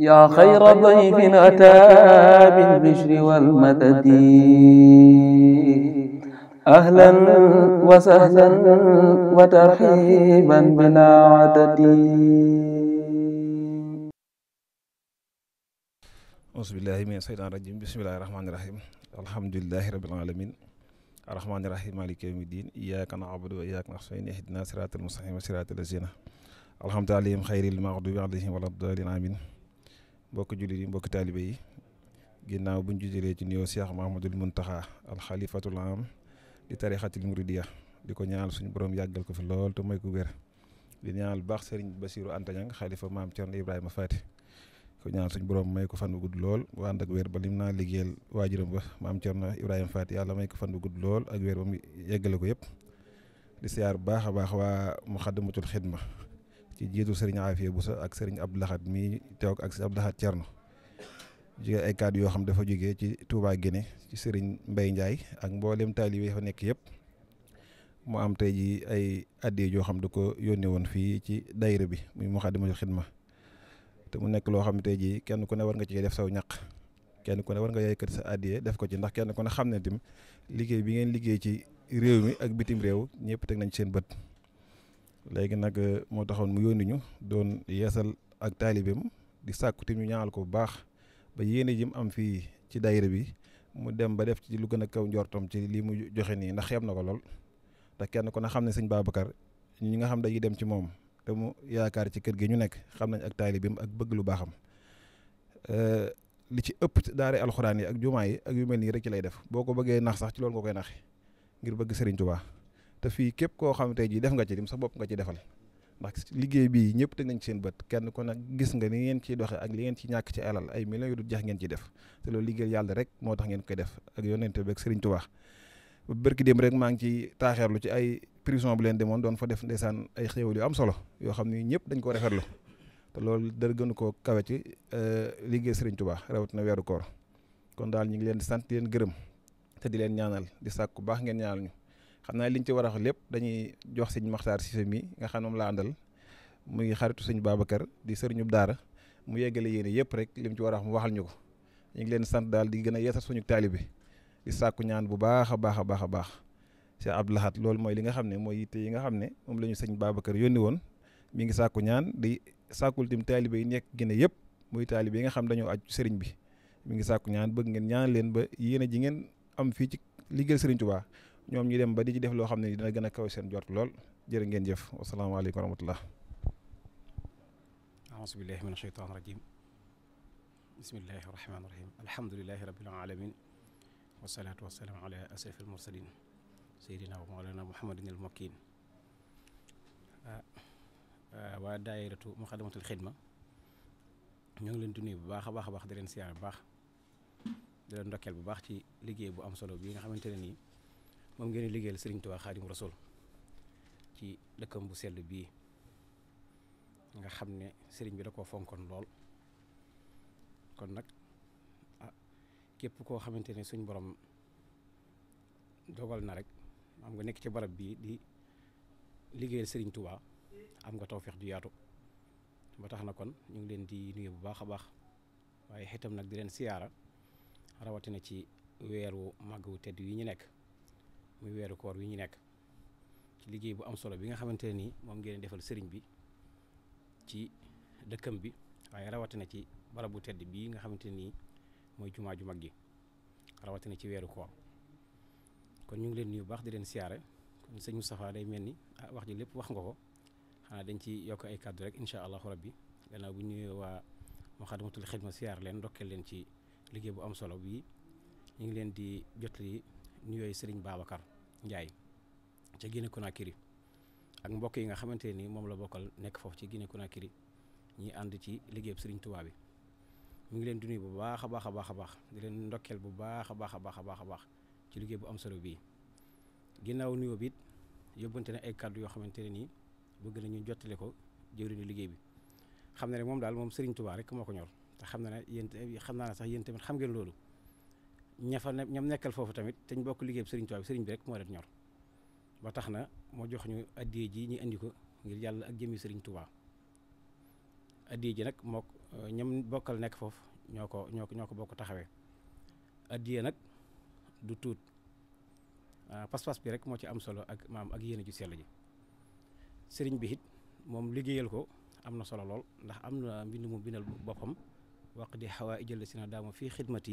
yaa xayra dayfin ataa bil bishri wal madadi ahlan wa sahlan wa tarhiiban bilaa adadi. auzu billaahi mina shaytaani rajiim bismillaahi rahmaani rahiim alhamdulillaahi rabbil aalamiin arrahmaani rahiim maaliki yawmi diin wa iyyaaka nasta'iin ihdinaa siraatal mustaqiim siraatal laziina an'amta alayhim xayril maxduubi alayhim wa lad-daalliin mbokki jullit yi mbokki taalibe yi ginnaaw buñ jujalee ci nuyoo Cheikh Mahmadul Muntaxa alxalifatul am di tarixatil muridiya di ko ñaanal suñu borom yàggal ko fi lool te may ko wér di ñaanal baax Serigne Bassirou Anta Niang xalifa maam Thierno Ibrahima Fati ko ñaanal suñ boroom may ko fan bu gudd lool bu ànd ak wér ba lim naa liggéeyal waajuram ba maam Thierno Ibrahima Fati yàlla may ko fan bu gudd lool ak wér ba mu yeggale ko yëpp di siyaar bu baax a baax waa Muxaddamatul Xidma ci jiitu sëriñ bu Bousso ak sëriñ Abdou Lahad mii teew ak Abdou Lahad Thierno jóge ay kàddu yoo xam dafa jógee ci Touba Guéné ci sëriñ Mbaye Ndiaye ak mboolem taalibe yi fa nekk yëpp mu am tey ji ay addiya yoo xam da ko yónnee woon fii ci daayira bi muy Moukhaddamatoul Khidma te mu nekk loo xam tey ji kenn ku ne war nga ci def saw ñaq kenn ku ne war nga yëkkat sa addiya def ko ci ndax kenn ku ne xam ne tim liggéey bi ngeen liggéey ci réew mi ak bitim réew ñépp teg nañ seen bët léegi nag euh, moo taxoon mu yónni ñu doon yesal ak taalibeem di sàkkuti ñu ñaanal ko bu baax ba yéene ji mu am fii ci daayira bi mu dem ba def ci lu gën a kaw njortam ci lii mu joxe nii ndax xeeb na ko lool te kenn ku ne xam ne sëñ kar ñi nga xam dañuy dem ci moom te mu yaakaar ci kër gi ñu nekk xam nañ ak taalibeem ak bëgg lu baaxam euh, li ci ëpp ci daare alxuraan yi ak jumaa yi ak yu mel nii rek ci lay def boo ko bëggee nax sax ci loolu nga koy naxee ngir bëgg Serigne Touba. te fii képp koo xam tey jii def nga ci lim sa bopp nga ci defal ndax liggéey bii ñëpp teg ci seen bët kenn kon nag gis nga ni ngeen ciy doxe ak li ngeen ci ñàkk ci alal ay millions yu du jeex ngeen ci def te loolu liggéey yàlla rek moo tax ngeen koy def ak yonent bi ak Sëriñ Tuubaa bërki dem rek maa ngi ci taaxeerlu ci ay prison bu leen demoon doon fa def ndeysaan ay xéewal yu am solo yoo xam ni ñëpp dañ ko rafetlu te loolu dara gënu koo kawe ci euh, liggéey Sëriñ Tuubaa rawatina weeru koor kon daal ñu ngi leen di sant di leen gërëm te di leen ñaanal di sàkku baax ngeen ñaanal ñu xam naa liñ ci war a wax lépp dañuy jox sëñ Maxtaar Cissé mi nga xam ne moom laa àndal muy xaritu sëñ Babacar di sëriñub daara mu yeggale yéene yëpp rek lim ci war a wax mu waxal ñu ko ñu ngi leen sant daal di gën a suñu taalibe di sàkku ñaan bu baax a baax a baax a baax Cheikh Abdou Lahad loolu mooy li nga xam ne mooy yitte yi nga xam ne moom lañu ñu sëñ Babacar yónni woon mi ngi sàkku ñaan di sàkkul tim taalibe yi nekk gën a yëpp muy taalibe yi nga xam dañoo aju sëriñ bi mi ngi sàkku ñaan bëgg ngeen ñaan leen ba yéene ji ngeen am fii ci liggéey sëriñ Tuubaa ñoom ñu dem ba di ci def loo xam ne dina gën a kaw seen jort lool jërë ngeen jëf wasalaamaaleykum wa rahmatullah aousu billahi min asheytaan rajim bismillahi rahmaani rahim alhamdulilahi rabbil alamin wasalaatu wasalaam ala asraf al seydina wa mawlana muhammadin al ah, ah, waa daayiratu muxadamatul xidma ñoo ngi leen di bu baax a baax a baax di leen siyaar bu baax di leen ndokkeel bu baax ci liggéey bu am solo bii nga xamante ne nii moom ngeen di liggéeyal Serigne Touba Xaadim Rasul ci dëkkam bu sell bii nga xam ne sëriñ bi da koo fonkon lool kon nag ah, képp koo xamante ne suñ boroom dogal na rek am nga nekk ci barab bii di liggéeyal sëriñ Touba am nga tawfeex ju yaatu ba tax na kon ñu ngi leen di nuyu bu baax a baax waaye xitam nag di leen siyaara rawatina ci weeru màgg wu tedd yi ñu nekk. muy weeru koor wi ñu nekk ci liggéey bu am solo bi nga xamante ne nii moom ngeen defal sëriñ bi ci dëkkam bi waaye rawatina ci bu tedd bii nga xamante ne nii mooy jumaa ju mag gi rawatina ci weeru koor kon ñu ngi leen nuyu baax di leen siyaare sëñ Moustapha day mel ni ah, wax ji lépp wax nga ko xanaa dañ ci yokk ay kàddu rek incha allahu rabbi gannaaw bu ñëwee waa Moukhaddamatoul Khidma siyaar leen ndokkeel leen ci liggéey bu am solo bii ñu ngi leen di jotali nuyooyu sëriñ Babacar njaay ca Guinée Conakry ak mbokk yi nga xamante nii moom la bokkal nekk foofu ci Guinée Conakry ñi ànd ci liggéeyub sëriñ Touba bi mi ngi leen di nuyu bu baax a baax a baax a baax di leen ndokkeel bu baax a baax a baax a baax a baax ci liggéey bu am solo bii ginnaaw nuyoo bi it yóbbante na ay kàddu yoo xamante ne nii bëgg ñu jottale ko jëwriñu liggéey bi xam na ne moom daal moom sëriñ Touba rek moo ko ñor te xam na ne yéen xam naa ne sax yéen tamit xam ngeen loolu ña fa ne ñam nekkal foofu tamit te ñu bokk liggéey bi sëriñ Tuubaa bi sëriñ rek moo leen ñor ba tax na moo jox ñu addiyee ji ñu indi ko ngir yàlla ak jëmi sëriñ Tuubaa addiyee ji nag moo euh, ñam bokkal nekk foofu ñoo ko ñoo ko ñoo ko bokk taxawee addiyee nag du tuut euh, pas-pas bi rek moo ci am solo ak maam ak yéene ju sell ji sëriñ bi it moom liggéeyal ko am na solo lool ndax am na mbind mu bindal boppam waq di xawaa jël si na daama fii xidmat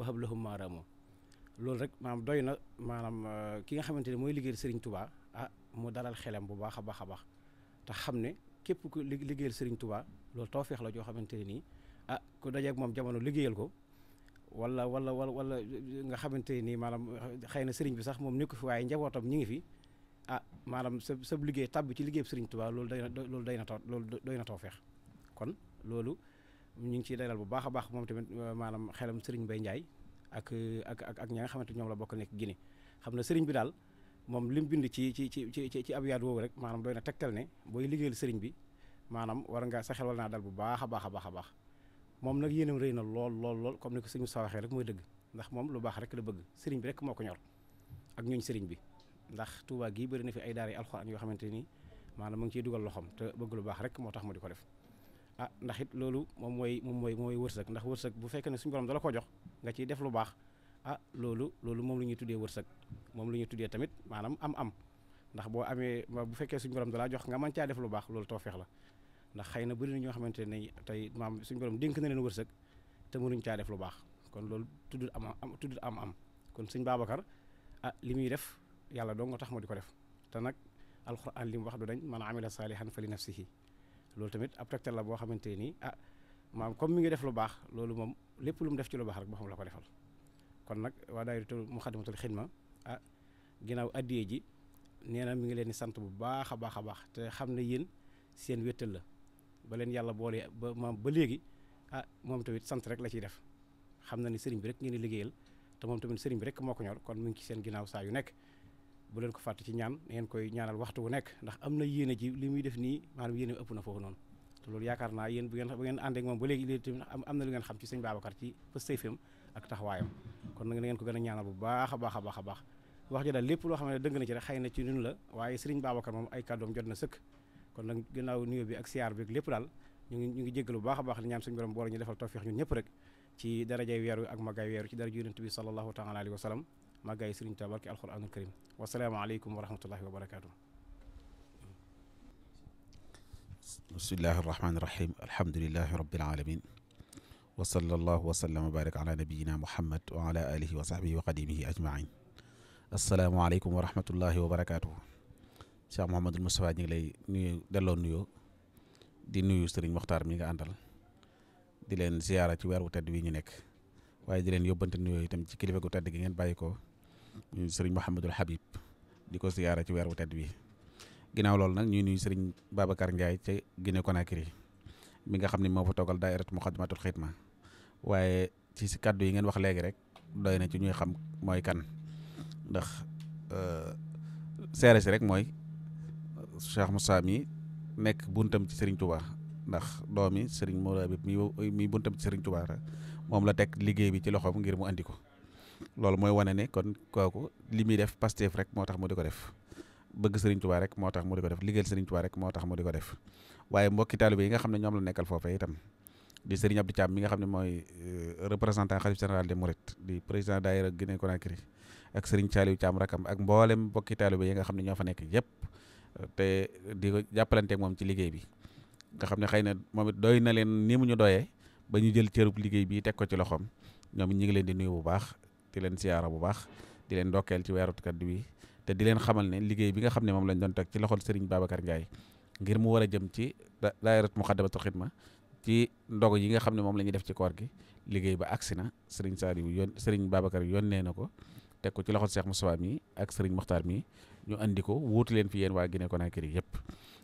wahab lahum maaraamu loolu rek maanaam doy na maanaam euh, ki nga xamante ne mooy liggéeyal sëriñ tubaa ah mu dalal xelam bu baax a baax a baax te xam ne képp ku liggéeyal Serigne Touba loolu tawfeex la joo xamante ne nii ah ku dajeeg moom jamono liggéeyal ko wala wala wala wala nga xamante ne nii maanaam xëy na sëriñ bi sax moom nekku fi waaye njabootam ñu ngi fi. ah maanaam sa sa liggéey tàbb ci liggéey Serigne Touba loolu day na loolu day na taw loolu doy na tawfeex kon loolu ñu ngi ciy dalal bu baax a baax moom tamit euh, maanaam xelam Serigne bay Ndiaye ak ak ak ak ña nga xamante ñoom la bokk nekk Guinée xam na Serigne bi daal moom li mu bind ci ci ci ci ci ab yaat woowu rek maanaam doy na tegtal ne booy liggéeyal Serigne bi maanaam war nga sa naa dal bu baax baax a baax a baax moom nag yéenam rëy na lool lool lool comme ni ko sëñ rek mooy dëgg ndax moom lu baax rek la bëgg sëriñ bi rek moo ko ñor ak ñooñ Serigne bi ndax Touba gii bëri na fi ay daara alxuraan yoo xamante ni maanaam mu ngi ciy dugal loxom te bëgg lu baax rek moo tax mu di ko def a ah, ndax it loolu moom mooy moom mooy mooy wërsëg ndax wërsëg bu fekkee ne suñu borom dala ko jox nga ciy def lu baax a ah, loolu loolu moom lu ñuy tuddee wërsëg moom lu ñuy tuddee tamit maanaam am-am ndax boo amee bu fekkee suñ borom dalaa jox nga mën caa def lu baax loolu too tawfeex la ndax xëy na bëri na ñoo xamante ne tey maam suñ borom dink na leen wërsëg te nuñ caa def lu baax kon loolu tuddul am am tuddul am am kon sëñ Babacar a ah, li muy def yàlla doo nga tax ma di ko def te nag alxuraan li mu wax du dañ man amila saalihan fa li nafsihi loolu tamit ab tegtal la boo xamante ni ah maam comme mi ngi def lu baax loolu moom lépp lu mu def ci lu baax rek boo xam la ko defal kon nag waa daayiratul Muxaddamatul Xidma ah ginnaaw addiyee ji nee na mi ngi leen di sant bu baax a baax a baax te xam ne yéen seen wéttal la ba leen yàlla boole ba maam ba léegi ah moom tamit sant rek la ci def xam na ni sëriñ bi rek ngeen di liggéeyal te moom tamit sëriñ bi rek moo ko ñor kon mu ngi ci seen ginnaaw saa yu nekk bu leen ko fàtte ci ñaan ngeen koy ñaanal waxtu wu nekk ndax am na yéene ji li muy def nii maanaam yéene ëpp na foofu noonu te loolu yaakaar naa yéen bu ngeen bu ngeen àndee ak moom ba léegi léegi tamit am na lu ngeen xam ci sëñ Babacar ci pëstayfam ak taxawaayam kon nag a ñaanal bu baax a baax a baax a lépp loo xam ne dëgg na na ci la waaye sëriñ Babacar moom ay kàddoom jot na sëkk kon nag gannaaw nuyoo bi ak siyaar bi lépp daal ñu ngi ñu ngi jéggal bu baax a baax li ñaan suñu borom boole ñu defal tawfeex ñun ñëpp rek ci darajay màggaay Sëriñ Tuubaa barke alxuraanul karim wa rahmatullahi wa barakaatu. bismillahi rahmaani rahim alhamdulilahi rabbil alamin wa sallallahu wa sallam wa baaraka ala nabiyina muhammad wa ala alihi wa sahbihi wa wa rahmatullahi wa barakaatu. Cheikh Mouhamadul Moustapha ñu ngi lay nuyu delloo nuyoo di nuyu Sëriñ Moxtaar mi nga àndal di leen ziyaara ci weer wu tedd wi ñu nekk waaye di leen yóbbante nuyoo itam ci kilifa gu tedd gi ngeen bàyyi ko ñu nuyu sëriñ Mouhamadul Habib di ko siyaara ci weer wu tedd bi ginnaaw loolu nag ñu nuyu sëriñ Babacar Ndiaye ca Guinée Conakry mi nga xam ne moo fa toogal daayiratu Muqaddamatul Xidma waaye ci si kàddu yi ngeen wax léegi rek doy na ci ñuy xam mooy kan ndax euh, seere si rek mooy Cheikh Moussa mi nekk buntam ci sëriñ Touba ndax doomi sëriñ Mawla bi mi buntam ci sëriñ Touba moom la teg liggéey bi ci loxoom ngir mu andi ko. loolu mooy wane ne kon kooku li muy def Pastef rek moo tax mu di ko def bëgg Serigne Touba rek moo tax mu di ko def liggéeyal Serigne Touba rek moo tax mu di ko def waaye mbokki taalibe yi nga xam ne ñoom la nekkal foofee itam di Serigne Abdou nga xam ne mooy euh, représentant xalif général des Mourides di président daayira Guinée Conakry ak Serigne Thialiou Thiam rakam ak mboolem mbokki taalibe yi nga xam ne ñoo fa nekk yëpp te di ko jàppalanteeg moom ci liggéey bi nga xam ne xëy na moom it doy na leen ni mu ñu doyee ba ñu jël cërub liggéey bi teg ko ci loxoom ñoom ñu ngi leen di nuyu bu baax ci leen siyaara bu baax di leen ndokkeel ci weeru kaddu wi te di leen xamal ne liggéey bi nga xam ne moom lañ doon teg ci loxol Serigne Babacar Ndiaye ngir mu war a jëm ci daayirat Muxaddamatul Xidma ci ndogu yi nga xam ne moom la ñuy def ci koor gi liggéey ba agsi na Serigne Saliou yoon Serigne Babacar yónnee na ko teg ko ci loxol Cheikh Moussa mi ak Serigne Mokhtar mi ñu indi ko wuutu leen fi yéen waa gine Guinée Conakry yëpp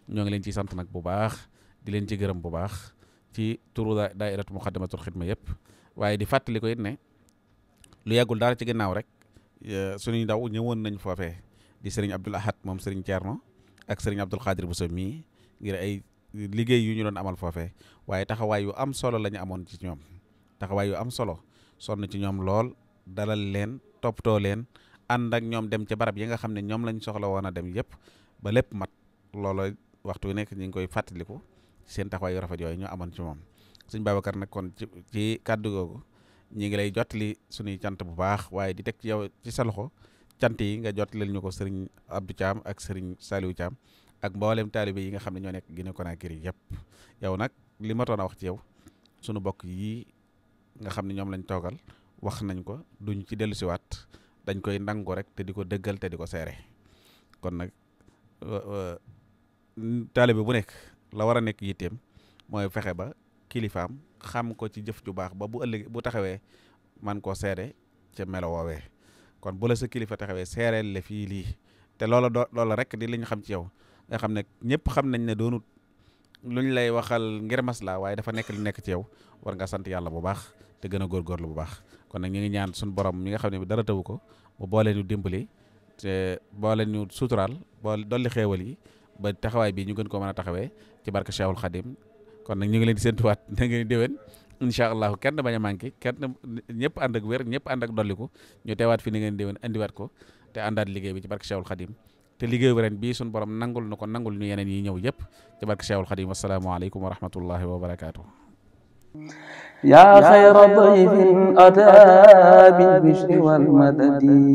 ñoo ngi leen ciy sant nag bu baax di leen ci gërëm bu baax ci turu ma Muxaddamatul Xidma yëpp waaye di fàttali ko it ne lu daal dara ci ginnaaw rek eh, suñuy ndaw ñëwoon nañ foofee di sëriñ Abdul Ahad moom sëriñ Thierno ak sëriñ Abdul bu Bousso mii ngir ay liggéey yu ñu doon amal foofe waaye taxawaay yu am solo la ñu amoon ci ñoom taxawaay yu am solo son sonn ci ñoom lool dalal leen toppatoo leen ànd ak ñoom dem ci barab yi nga xam ne ñoom lañ soxla woon a dem yëpp ba lépp mat loolo waxtu wi nekk ñu ngi koy fàttaliku seen taxawaayu yu rafet yooyu ñu amoon ci moom sëñ Babacar nag kon ci kàddu googu ñi ngi lay jottali suñuy cant bu baax waaye di teg ci yow ci sa loxo cant yi nga jottalil ñu ko sëriñ Abdou caam ak sëriñ Saliou caam ak mboolem taalibe yi nga xam ne ñoo nekk Guinée Conakry yëpp yow nag li ma a wax ci yow sunu bokk yii nga xam ne ñoom lañ toogal wax nañ ko duñ ci dellusiwaat dañ koy nangu rek te di ko dëggal te di ko seere kon nag taalibe bu nekk la war a nekk yitteem mooy fexe ba. kilifaam xam ko ci jëf ju baax ba bu ëllëg bu taxawee man koo seere ca melo woowee kon bu la sa kilifa taxawee seereel la fii lii te loola do loola rekk di li xam ci yaw nga xam ne ñëpp xam nañ ne doonut luñ lay waxal ngir maslaa waaye dafa nekk lu nekk ci yow war nga sant yàlla bu baax te gën a góorgóorlu bu baax kon nag ñu ngi ñaan suñu borom mi nga xam ne bi dara tawu ko bu boole ñu dimbali te boole ñu suturaal boole dolli xéewal yi ba taxawaay bi ñu gën ko kon nag ñu ngi leen di séntuwaat da ngeen déwén incha allahu kenn bañ a manqué kenn ñëpp ànd ak wér ñëpp dolliku ñu teewaat fi ni ngeen déwén andiwaat ko te àndaat liggéey bi ci barke Cheikhul te liggéey bi ren bii suñu borom nangul na ko nangul ñu yeneen yi ñëw yëpp ci barke Cheikhul Khadim wasalaamaaleykum wa rahmatullahi wa barakaatu. yaa xayra dayfin ataa bil bishri wal madadi